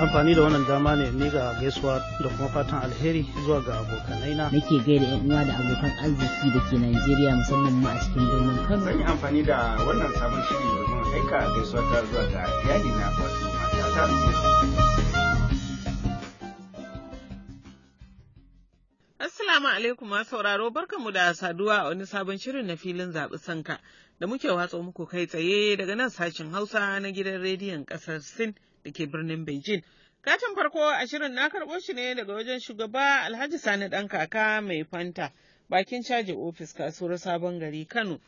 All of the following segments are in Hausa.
amfani da wannan dama ne ni ga gaisuwa da kuma fatan alheri zuwa ga abokanai na nake gaida yan uwa da abokan arziki da ke Najeriya musamman ma a cikin birnin Kano zan yi amfani da wannan sabon shiri domin aika gaisuwa ta zuwa ga iyali na wato Assalamu alaikum ma sauraro barkanmu da saduwa a wani sabon shirin na filin zaɓi sanka da muke watsa muku kai tsaye daga nan sashen Hausa na gidan rediyon ƙasar Sin da ke birnin Beijing. Katin farko a shirin na karɓo shi ne daga wajen shugaba Alhaji Sani ɗan kaka mai fanta bakin caji ofis kasuwar sabon gari Kano.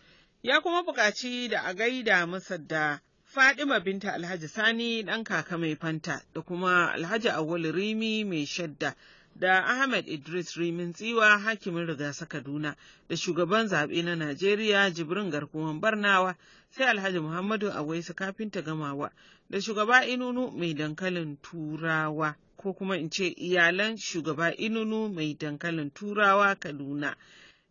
Ya kuma buƙaci da a gaida masa da Fadima binta Alhaji Sani ɗan kaka mai fanta da kuma Alhaji Awul Rimi mai shadda da Ahmed Idris Rimin Tsiwa hakimin rigasa Kaduna da shugaban zaɓe na Najeriya Jibrin Garkuwan Barnawa sai Alhaji Muhammadu Awaisu ta Gamawa da shugaba Inunu mai dankalin Turawa ko kuma in ce iyalan shugaba Inunu mai dankalin Turawa Kaduna.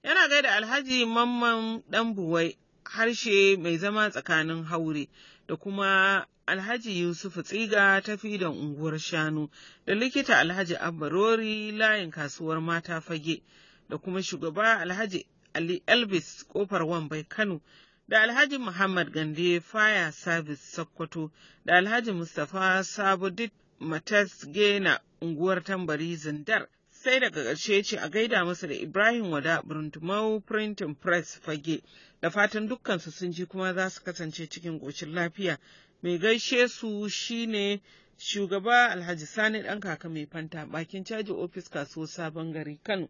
Yana gaida Alhaji Mamman buwai. harshe mai zama tsakanin haure da kuma Alhaji Yusuf Tsiga ta fidan unguwar shanu da likita Alhaji Abbarori layin kasuwar mata fage da kuma shugaba Alhaji Ali Elvis kofar Wambai Kano da Alhaji Muhammad Gande Fire Service Sokoto da Alhaji Mustapha Sabudit Matas Gena unguwar tambari Zindar sai daga ƙarshe ce a gaida masa da Ibrahim Wada Burntumau Printing Press fage da fatan dukkansu sun ji kuma za su kasance cikin ƙocin lafiya. Mai gaishe su shine shugaba Alhaji Sani ɗan kaka mai fanta bakin caji ofis kasuwar sabon gari Kano.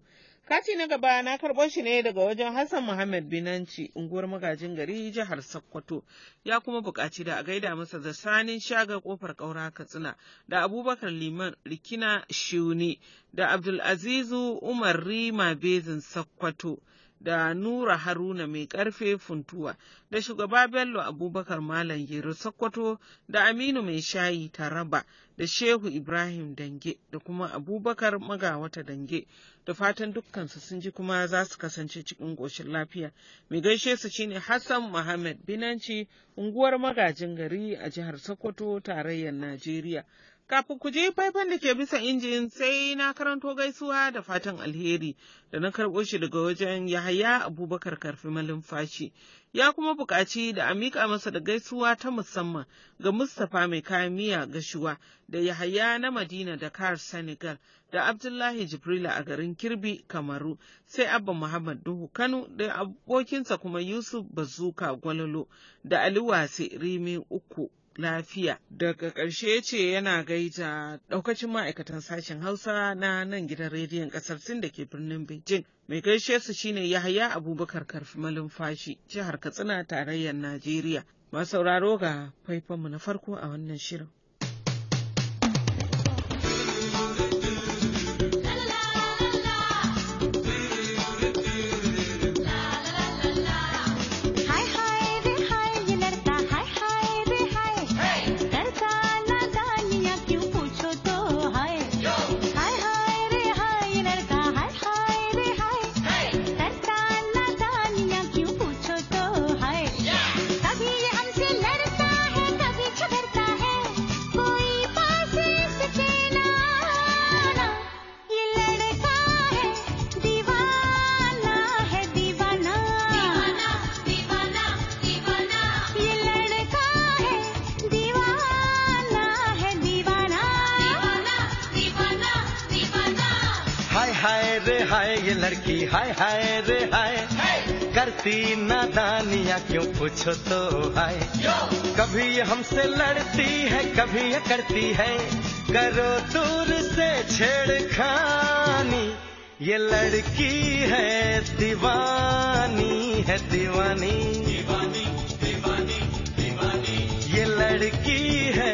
Kati na gaba na karɓo shi ne daga wajen Hassan Muhammad Binanci, unguwar magajin gari jihar Sokoto, ya kuma buƙaci da a gaida masa da sanin shaga ƙofar ƙaura Katsina, da Abubakar Liman Rikina Shuni, da Abdulazizu Umar Rima Bezin Sokoto. da Nura Haruna mai ƙarfe funtuwa da shugaba Bello Abubakar Malam Gero Sokoto da Aminu mai shayi Taraba da Shehu Ibrahim Dange da kuma Abubakar Magawata Dange da fatan dukkansu sun ji kuma za su kasance cikin ƙoshin lafiya. Mai gaishe su shine Hassan Muhammad Binanci unguwar magajin gari a jihar Sokoto tarayyar Najeriya. Kafin ku je faifan da ke bisa injin sai na karanto gaisuwa da fatan alheri da na karɓo shi daga wajen Yahaya Abubakar Karfi Malumfashi. Ya kuma buƙaci da a miƙa masa da gaisuwa ta musamman ga Mustapha mai kayan miya gashuwa da Yahaya na Madina da kar Senegal da Abdullahi Jibrila a garin Kirbi Kamaru sai Abba Muhammad Duhu Kano da abokinsa kuma Yusuf Bazuka Gwalolo da Ali Wasi, Rimi Uku lafiya. Daga ƙarshe ce yana gaita. ɗaukacin ma'aikatan sashen Hausa na nan gidan rediyon ƙasar Sin da ke birnin Beijing. Mai gaishe su shine Yahaya Abubakar Karfi Fashi, jihar Katsina tarayyar Najeriya. sauraro ga faifanmu na farko a wannan shirin. हाय हाय रे हाय ये लड़की हाय हाय रे हाय करती दानिया क्यों पूछो तो हाय कभी ये हमसे लड़ती है कभी ये करती है करो दूर से छेड़ खानी ये लड़की है दीवानी है दीवानी दीवानी दीवानी दीवानी ये लड़की है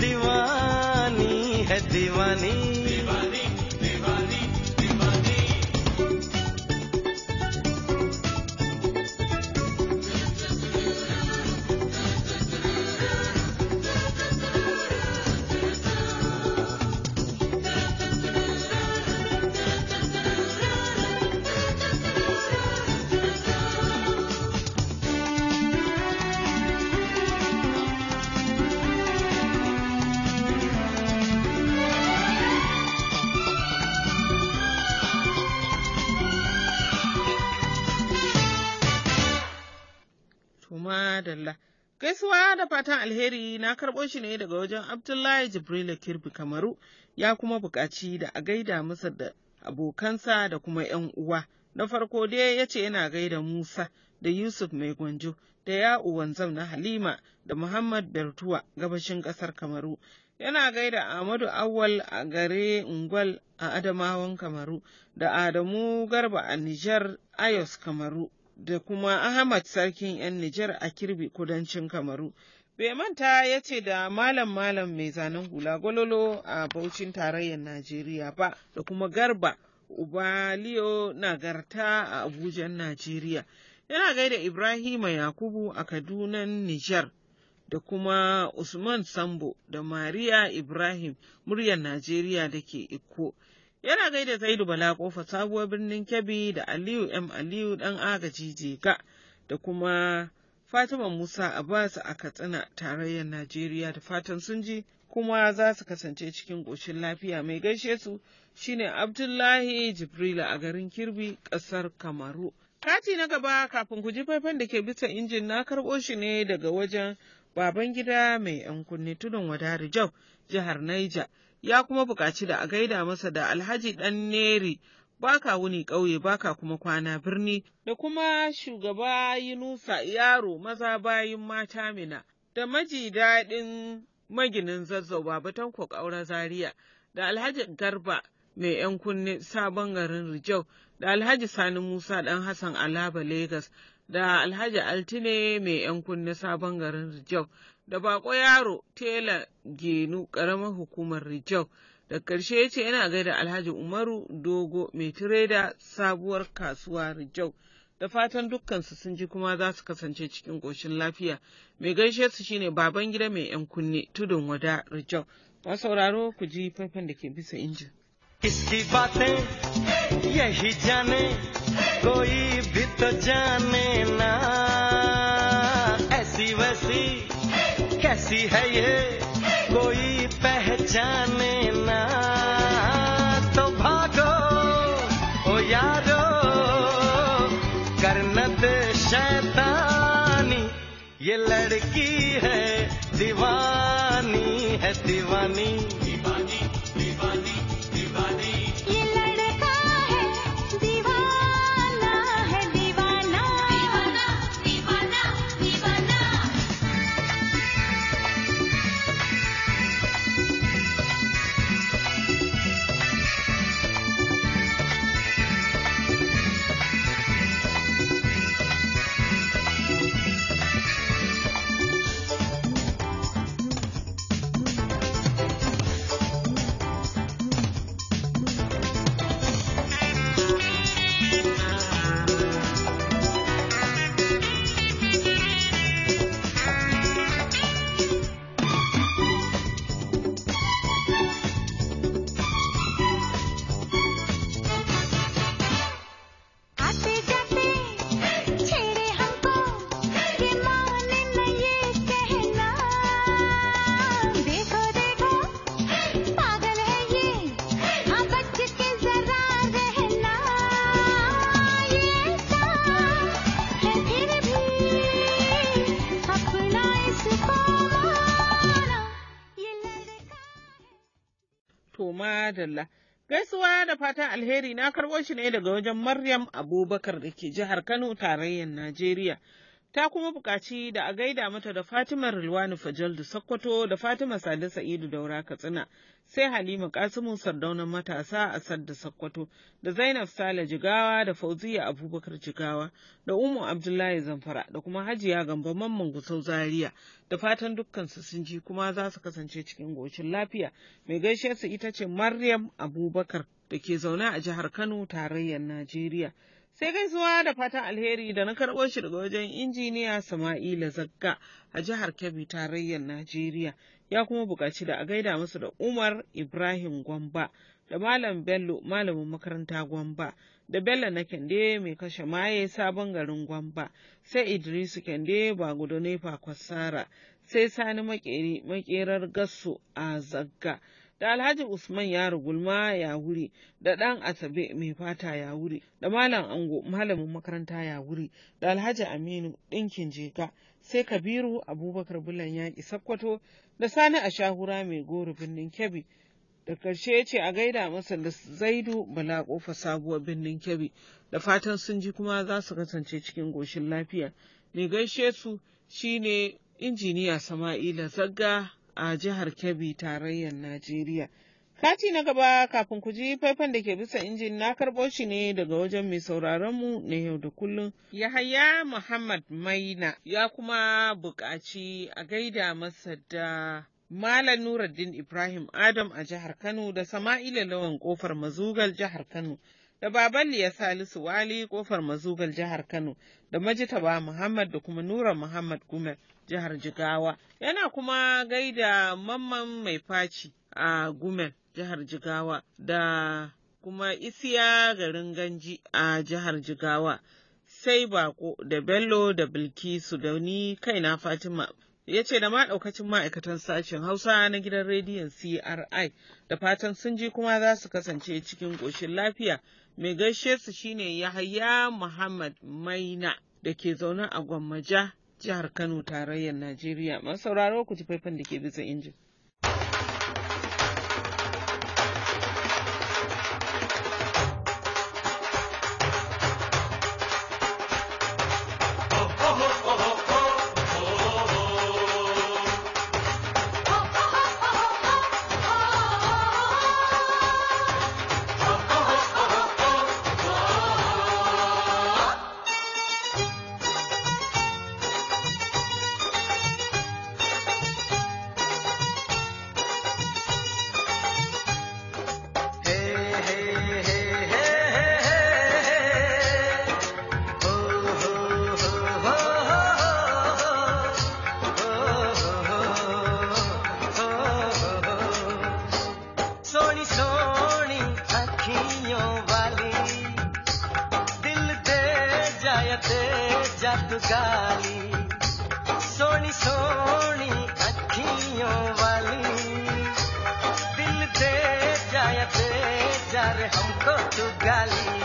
दीवानी है दीवानी Gaisuwa da fatan alheri na karɓo shi ne daga wajen Abdullahi Jibril Kirbi Kamaru ya kuma buƙaci da a gaida masa da abokansa da kuma ‘yan uwa. Na farko dai ya ce yana gaida Musa da Yusuf Mai Gwanjo da Ya'u Wanzam na Halima da Muhammad Bertuwa gabashin ƙasar Kamaru. Yana gaida Ahmadu Awal a gare Ungwal a Adamawan Kamaru da Adamu Garba a Nijar Ayos Kamaru da kuma Ahmad Sarkin 'yan Nijar a Kirbi kudancin Kamaru. Bai manta ya ce da malam malam mai zanen hula gololo a Baucin tarayyar Najeriya ba da kuma Garba Ubaliyo Nagarta a Abujan Najeriya. Yana gaida Ibrahima Yakubu a Kadunan Nijar da kuma Usman Sambo da Mariya Ibrahim muryar Najeriya da ke Ikko. Yana gaida Zaidu Bala kofa sabuwar birnin Kebbi da Aliyu M. Aliyu ɗan agaji jega da kuma Fatima Musa a Abbas a Katsina tarayyar Najeriya da fatan sun ji kuma za su kasance cikin ƙoshin lafiya mai gaishe su shine Abdullahi Jibrila a garin Kirbi ƙasar Kamaru. Kati na gaba kafin ku ji faifan da ke bisa injin na karɓo shi ne daga wajen baban gida mai ‘yan kunne tudun wadari jau jihar Niger ya kuma buƙaci da a gaida masa da alhaji ɗan neri baka wuni ƙauye baka kuma kwana birni da kuma shugaba yunusa yaro maza bayin mata mina da maji daɗin maginin zazzau babatan ƙaura zaria da alhaji garba mai ‘yan kunne sabon garin rijau da alhaji sani musa ɗan hassan alaba Legas da Alhaji Altine mai ‘yan kunne sabon garin Rijau, da bako yaro tela genu ƙaramar hukumar Rijau, da ƙarshe ya ce yana gaida Alhaji Umaru Dogo mai tireda sabuwar kasuwa Rijau. Da fatan dukkansu sun ji kuma za su kasance cikin ƙoshin lafiya. Mai gaishe su shine baban gida mai ‘yan kunne tudun wada Rijau. sauraro ku ji faifan da ke bisa injin. Iski yahi jane, bi तो जाने ना ऐसी वैसी कैसी है ये कोई पहचाने ना तो भागो ओ यारो करनत शैतानी ये लड़की है दीवानी है दीवानी madalla. Gaisuwa da fatan alheri na karɓo shi ne daga wajen Maryam Abubakar da ke jihar Kano tarayyar Najeriya. ta kuma buƙaci da a gaida mata da Fatimar Rilwani da Sokoto da Fatima Sade Sa'idu Daura Katsina, sai Halima Kasimu Sardaunan Matasa a da Sakkwato da Zainab Sale Jigawa da Fauziya Abubakar Jigawa da Umu Abdullahi Zamfara da kuma Hajiya Gambo Mamman Gusau Zaria da fatan dukkansu sun ji kuma za su kasance cikin gocin lafiya. Mai gaishe su ita ce Maryam Abubakar da ke zaune a jihar Kano tarayyar Najeriya. Sai gaisuwa da fatan alheri da na karɓo shi daga wajen injiniya Sama'ila Zagga a jihar Kebbi tarayyar Najeriya ya kuma buƙaci da a gaida musu da Umar Ibrahim Gwamba da Malam Bello malamin makaranta Gwamba da Bello na Kende mai kashe maye sabon garin Gwamba sai Idrisu Kende ba gudu nefa kwasara sai Sani Makeri makerar Gasso a Zagga. da Alhaji Usman ya rugulma ya wuri da ɗan Asabe mai fata ya wuri da Malam Ango malamin makaranta ya wuri da Alhaji Aminu ɗinkin jeka sai Kabiru Abubakar Bulan ya ƙi Sakkwato da Sani a Ashahura mai goro birnin Kebbi da ƙarshe ya ce a gaida masa da Zaidu Bala ƙofa sabuwar birnin Kebbi da fatan sun ji kuma za su kasance cikin goshin lafiya. Mai gaishe su shine injiniya Sama'ila Zagga a jihar Kebbi tarayyar Najeriya. Kati na gaba kafin ku ji faifan da ke bisa injin na karɓo shi ne daga wajen mai sauraronmu na yau da kullum. Yahaya Muhammad Maina ya kuma buƙaci a gaida masa da Malam Nuruddin Ibrahim Adam a jihar Kano da Sama'ila Lawan Kofar Mazugal jihar Kano. da ya Salisu Wali kofar mazugal jihar Kano da Majitaba Muhammad da kuma Nura Muhammad Gumel jihar Jigawa. Yana kuma gaida mamman mai faci a Gumen jihar Jigawa da kuma isiya garin ganji a jihar Jigawa. Sai bako da Bello da Bilkisu da ni kaina Fatima. Ya ce da ma ɗaukacin ma'aikatan sashen Hausa na gidan rediyon CRI da fatan sun ji kuma za su kasance cikin ƙoshin lafiya. Mai gaishe su shine Yahaya Muhammad Maina da ke zaune a Gwammaja jihar Kano tarayyar Najeriya. Masu sauraro ku ji faifan da ke bisa injin. रब गाली सोनी सोनी अखियों वाली दिल दे जाया दे जा रे हमको तू गाली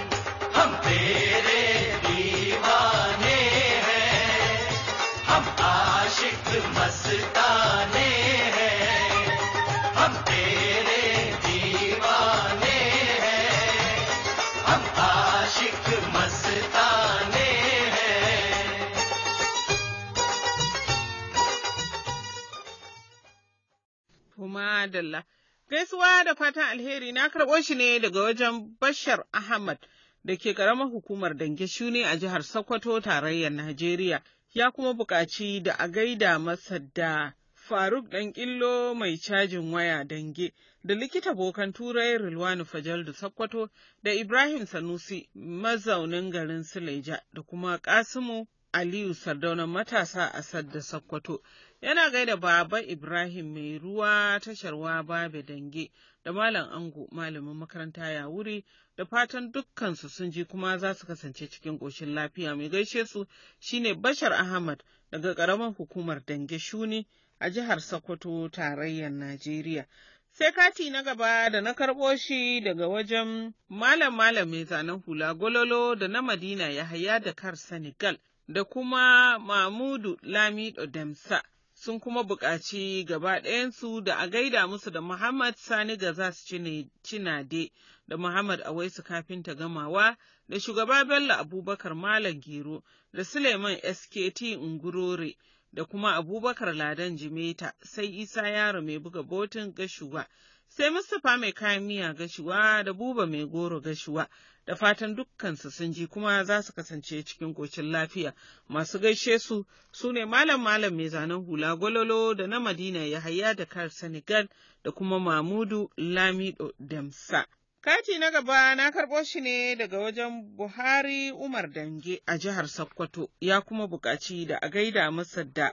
madalla. Gaisuwa da fatan alheri na karɓo shi ne daga wajen Bashar Ahmad da ke ƙaramar hukumar Dange Shuni a jihar Sokoto tarayyar Najeriya. Ya kuma buƙaci da a gaida masa da Faruk ɗan ƙillo mai cajin waya dange da likita bokan turai Rilwani Fajal da Sokoto da Ibrahim Sanusi mazaunin garin Suleja da kuma Kasimu Aliyu Sardaunan matasa a Sadda Sokoto Yana gaida Baba Ibrahim mai ruwa tashar Babe Dange da Malam Ango malamin makaranta ya wuri da fatan dukkansu sun ji kuma za su kasance cikin ƙoshin lafiya mai gaishe su shine Bashar Ahmad daga ƙaramar hukumar Dange Shuni a jihar Sokoto tarayyar Najeriya. Sai kati na gaba da na karɓo shi daga wajen malam malam mai zanen hula gololo da na Madina ya haya da kar Senegal da kuma Mamudu Lamido Demsa. sun kuma buƙaci gaba ɗayansu da a gaida musu da Muhammad Sani su Cinade da Muhammad Awaisu Kafinta Gamawa da shugaba Bello Abubakar Malam Gero da Suleiman SKT Ngurore da kuma Abubakar Ladan Jimeta sai Isa Yaro mai buga botin gashuwa. sai Mustapha mai kayan miya gashuwa da buba mai goro gashuwa da fatan dukkansu sun ji kuma za su kasance cikin ƙocin lafiya masu gaishe su su ne malam malam mai zanen hula gwalolo da na madina yahaya da kar senegal da kuma mamudu lamido damsa Kati na gaba na karɓo shi ne daga wajen Buhari Umar Dange a jihar Sokoto ya kuma buƙaci da a gaida masa da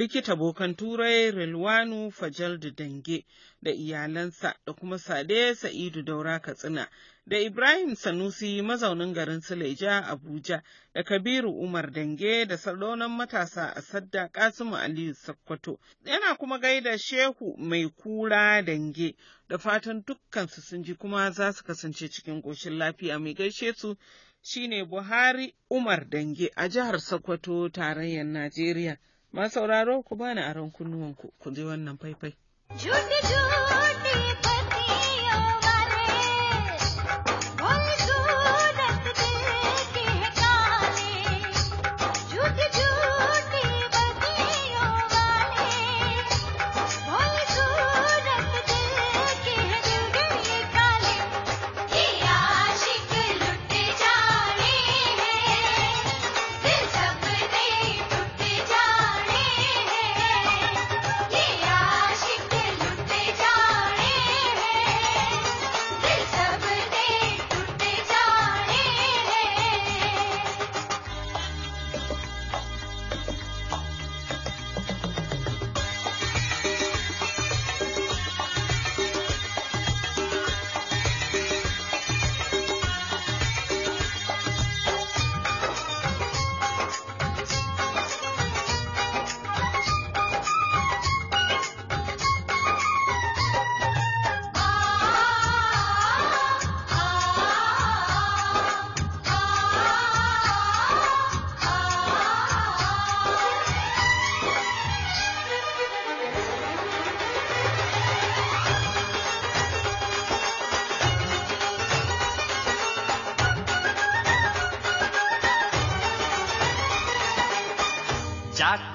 likita bokan turai Rilwanu Fajaldu Dange da iyalansa da kuma Sade Sa'idu Daura Katsina da Ibrahim Sanusi mazaunin garin Suleja Abuja da Kabiru Umar Dange da salonan matasa a Sadda Kasimu Aliyu Sakkwato. Yana kuma gaida Shehu Mai Kura Dange da fatan dukkansu sun ji kuma za su kasance cikin ƙoshin lafiya mai gaishe su shine Buhari Umar Dange a jihar Sakkwato tarayyar Najeriya. Masauraro ku bani aron kunnuwanku ku je wannan faifai.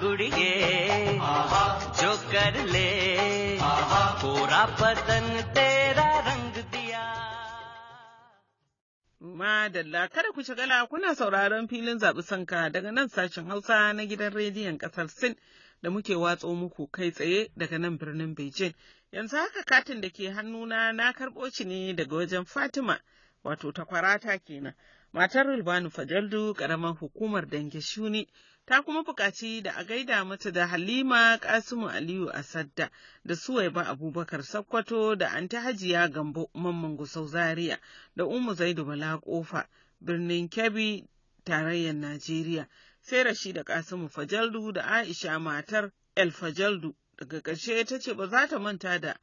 गुड़िए जो कर ले पूरा पतन तेरा Madalla kada ku shagala kuna sauraron filin zaɓi sanka daga nan sashen Hausa na gidan rediyon ƙasar Sin da muke watso muku kai tsaye daga nan birnin Beijing. Yanzu haka katin da ke hannuna na karɓo shi ne daga wajen Fatima wato takwarata kenan. Matar Rulbanu Fajaldu ƙaramar hukumar Dange ta kuma buƙaci da a gaida mata da Halima Kasimu Aliyu Asadda da Suwaiba Abubakar Sakkwato da Anta Hajiya Gambo Mamman Gusau Zaria da Umu Zaidu Bala Kofa birnin Kebbi tarayyar Najeriya sai Rashida Kasimu Fajaldu da Aisha matar El Fajaldu daga ƙarshe ta ce ba za ta manta da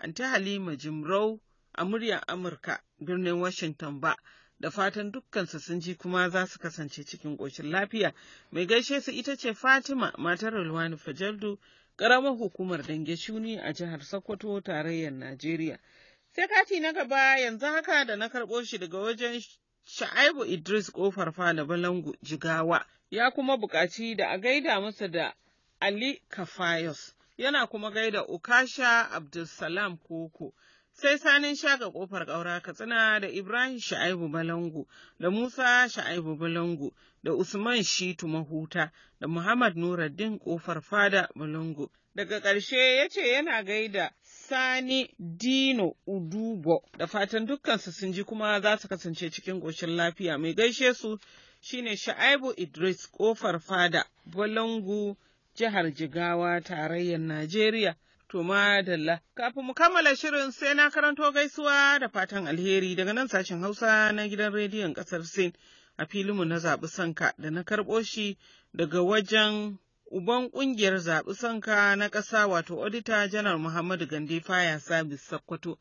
Anta Halima Jimrau a muryar Amurka birnin Washington ba. da fatan su sun ji kuma za su kasance cikin ƙoshin lafiya. Mai gaishe su ita ce Fatima matar Rulwani Fajardu, ƙaramar hukumar Dange Shuni a jihar Sokoto tarayyar Najeriya. Sai kati na gaba yanzu haka da na karɓo shi daga wajen Sha'aibu Idris Kofar da Balangu Jigawa ya kuma buƙaci da a gaida masa da Ali Kafayos yana kuma gaida Ukasha Abdulsalam Koko. sai sanin shaga ƙofar ƙaura katsina da Ibrahim Sha'ibu Balangu da Musa Sha'ibu Balangu da Usman Shitu Mahuta da Muhammad Nuruddin kofar fada Balangu. Daga ƙarshe ya ce yana gaida Sani Dino Udubo da fatan dukkansu sun ji kuma za su kasance cikin ƙoshin lafiya mai gaishe su shine Sha'ibu Idris ƙofar fada Balangu jihar Jigawa tarayyar Najeriya. To madalla, kafin mu kammala shirin sai na karanto gaisuwa da fatan alheri daga nan sashen Hausa na gidan rediyon ƙasar Sin a filinmu na zaɓi sanka da na karɓo shi daga wajen uban ƙungiyar zaɓi sanka na ƙasa wato Odita Janar Muhammadu Gande Faya Sabis Sakkwato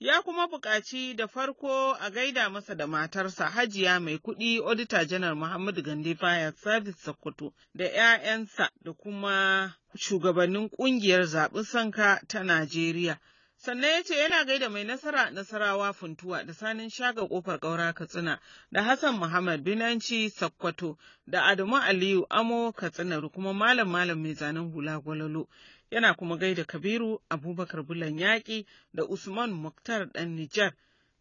ya kuma buƙaci da farko a gaida masa da matarsa hajiya mai kuɗi auditor janar Muhammadu Gande Fire Service Sokoto da 'ya'yansa da kuma shugabannin ƙungiyar zaɓin sanka ta Najeriya. Sannan ya ce yana gaida mai nasara nasarawa funtuwa da sanin shaga ƙofar ƙaura Katsina da Hassan Muhammad Binanci Sakkwato da Adamu Aliyu Amo Katsina da kuma malam malam mai zanen hula gwalolo. yana kuma gaida Kabiru Abubakar Bulan Yaƙi da Usman Muktar ɗan Nijar.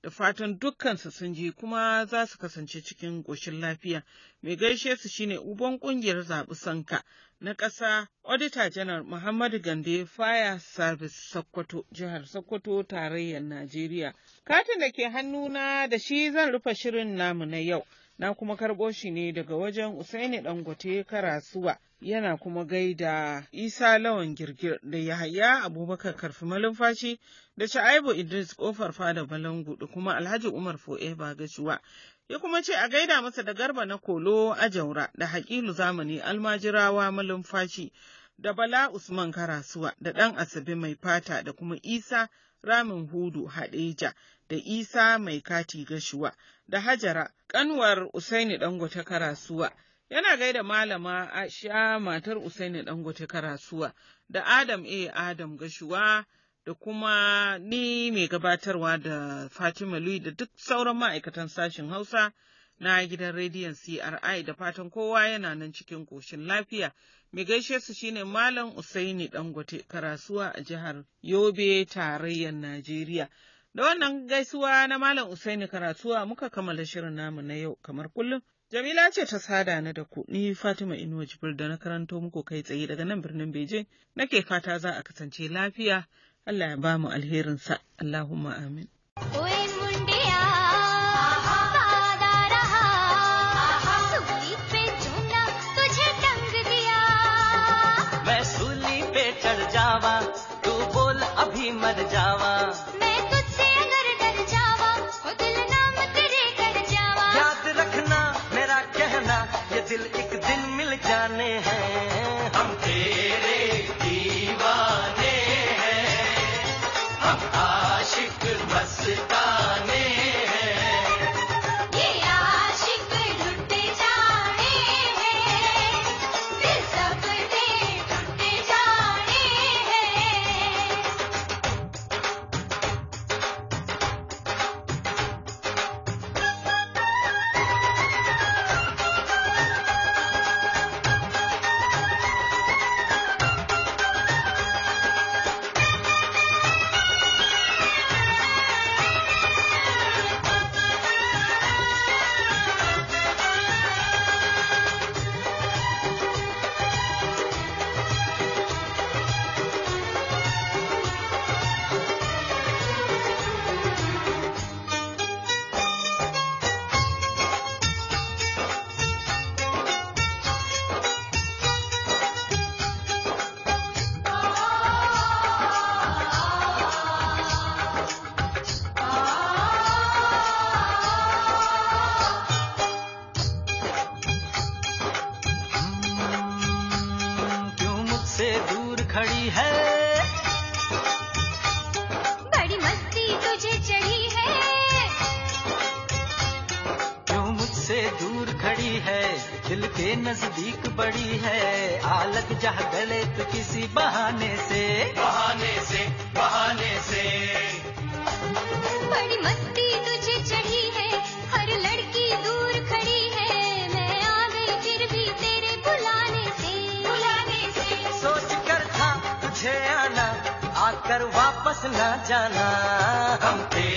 Da fatan dukkansu sun je kuma za su kasance cikin ƙoshin lafiya. Mai gaishe su shine uban ƙungiyar zaɓi sanka na ƙasa Odita Janar Muhammadu Gande Fire Service Sokoto, jihar Sokoto, tarayyar Najeriya. Katin da ke hannu na da shi zan rufe shirin namu na yau. na kuma karɓo shi ne daga wajen Usaini Dangote Karasuwa yana kuma gaida Isa Lawan Girgir da Yahaya Abubakar Karfi Malumfashi da Sha'aibu Idris Kofar Fada Balangu da kuma Alhaji Umar Fo'eba Gashuwa. Ya kuma ce a gaida masa da Garba na Kolo Ajaura da Hakilu Zamani Almajirawa Malumfashi da Bala Usman Karasuwa da ɗan Asabe Mai Fata da kuma Isa Ramin Hudu Hadeja da Isa Mai Kati Gashuwa da Hajara Kanwar Usaini Dangote Karasuwa. Yana gaida malama Aisha matar Usaini Dangote Karasuwa da Adam A. Adam Gashuwa da kuma ni mai gabatarwa da Fatima Lui da duk sauran ma'aikatan sashen Hausa na gidan rediyon CRI da fatan kowa yana nan cikin ƙoshin lafiya. Mai gaishe su shine Malam Usaini Dangote Karasuwa a jihar Yobe tarayyar Najeriya. Da wannan gaisuwa na Malam Usaini Karasuwa muka kammala shirin namu na yau kamar kullum Jamila ce ta sada na da ku, ni Fatima Inuwa Jibril da na karanto muku kai tsaye daga nan birnin Bejin, nake fata za a kasance lafiya, Allah ya ba mu alherinsa, Allahumma amin. Oh, दिल एक दिन मिल जाने हैं आकर वापस न जाना हम तेरे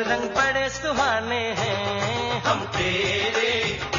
रंग बड़े सुहाने हैं हम तेरे